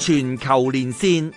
全球連線。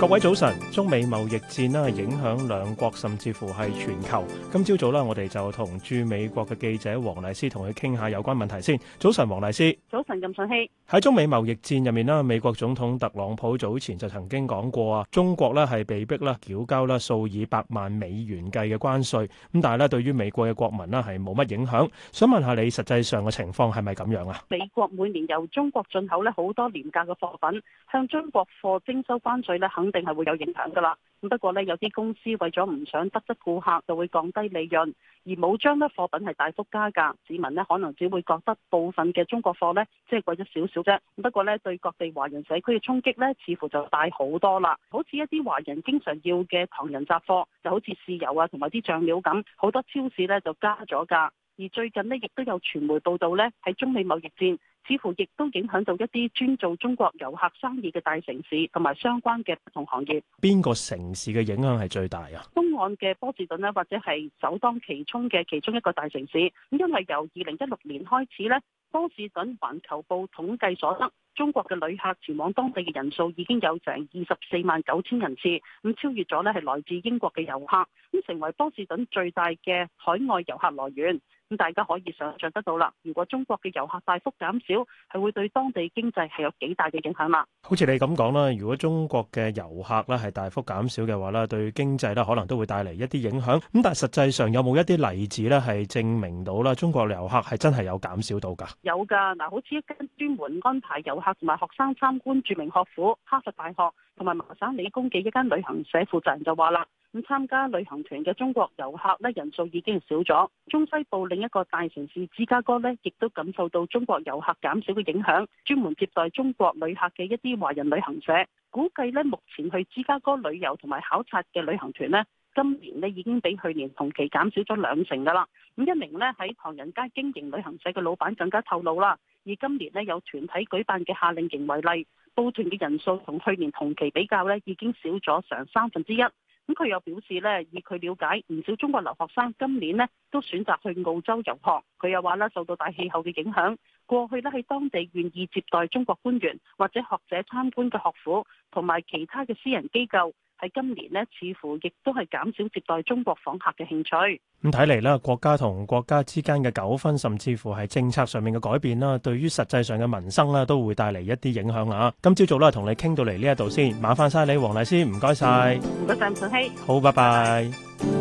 各位早晨，中美貿易戰咧影響兩國，甚至乎係全球。今朝早咧，我哋就同駐美國嘅記者黃麗施同佢傾下有關問題先。早晨，黃麗施。早晨，任順熙。喺中美貿易戰入面咧，美國總統特朗普早前就曾經講過啊，中國咧係被逼啦，繳交啦數以百萬美元計嘅關稅。咁但係咧，對於美國嘅國民咧係冇乜影響。想問下你，實際上嘅情況係咪咁樣啊？美國每年由中國進口咧好多廉價嘅貨品，向中國貨徵收關稅咧肯。肯定係會有影響噶啦，咁不過呢，有啲公司為咗唔想得失顧客，就會降低利潤，而冇將得貨品係大幅加價，市民呢，可能只會覺得部分嘅中國貨呢，即係貴咗少少啫，不過呢，對各地華人社區嘅衝擊呢，似乎就大好多啦，好似一啲華人經常要嘅唐人雜貨，就好似豉油啊同埋啲醬料咁，好多超市呢，就加咗價，而最近呢，亦都有傳媒報道呢，喺中美貿易戰。似乎亦都影響到一啲專做中國遊客生意嘅大城市，同埋相關嘅不同行業。邊個城市嘅影響係最大啊？東岸嘅波士頓咧，或者係首當其衝嘅其中一個大城市。因為由二零一六年開始呢，波士頓環球報統計所得。中國嘅旅客前往當地嘅人數已經有成二十四萬九千人次，咁超越咗咧係來自英國嘅遊客，咁成為波士頓最大嘅海外遊客來源。咁大家可以想像得到啦，如果中國嘅遊客大幅減少，係會對當地經濟係有幾大嘅影響呀。好似你咁講啦，如果中國嘅遊客咧係大幅減少嘅話咧，對經濟咧可能都會帶嚟一啲影響。咁但係實際上有冇一啲例子咧係證明到啦，中國遊客係真係有減少到㗎？有㗎，嗱，好似一間專門安排遊客。同埋學生參觀著名學府哈佛大學，同埋麻省理工嘅一間旅行社負責人就話啦：咁參加旅行團嘅中國遊客呢，人數已經少咗。中西部另一個大城市芝加哥呢，亦都感受到中國遊客減少嘅影響。專門接待中國旅客嘅一啲華人旅行社，估計呢，目前去芝加哥旅遊同埋考察嘅旅行團呢，今年呢已經比去年同期減少咗兩成㗎喇。咁一名呢喺唐人街經營旅行社嘅老闆更加透露啦。以今年咧，有團體舉辦嘅夏令營為例，報團嘅人數同去年同期比較咧，已經少咗成三分之一。咁佢又表示咧，以佢了解，唔少中國留學生今年咧都選擇去澳洲遊學。佢又話咧，受到大氣候嘅影響，過去咧喺當地願意接待中國官員或者學者參觀嘅學府同埋其他嘅私人機構。喺今年呢，似乎亦都係減少接待中國訪客嘅興趣。咁睇嚟啦，國家同國家之間嘅糾紛，甚至乎係政策上面嘅改變啦，對於實際上嘅民生啦，都會帶嚟一啲影響啊。今朝早啦，同你傾到嚟呢一度先，麻煩晒你，黃麗施，唔該晒。唔該晒，唔使。好，拜拜。拜拜。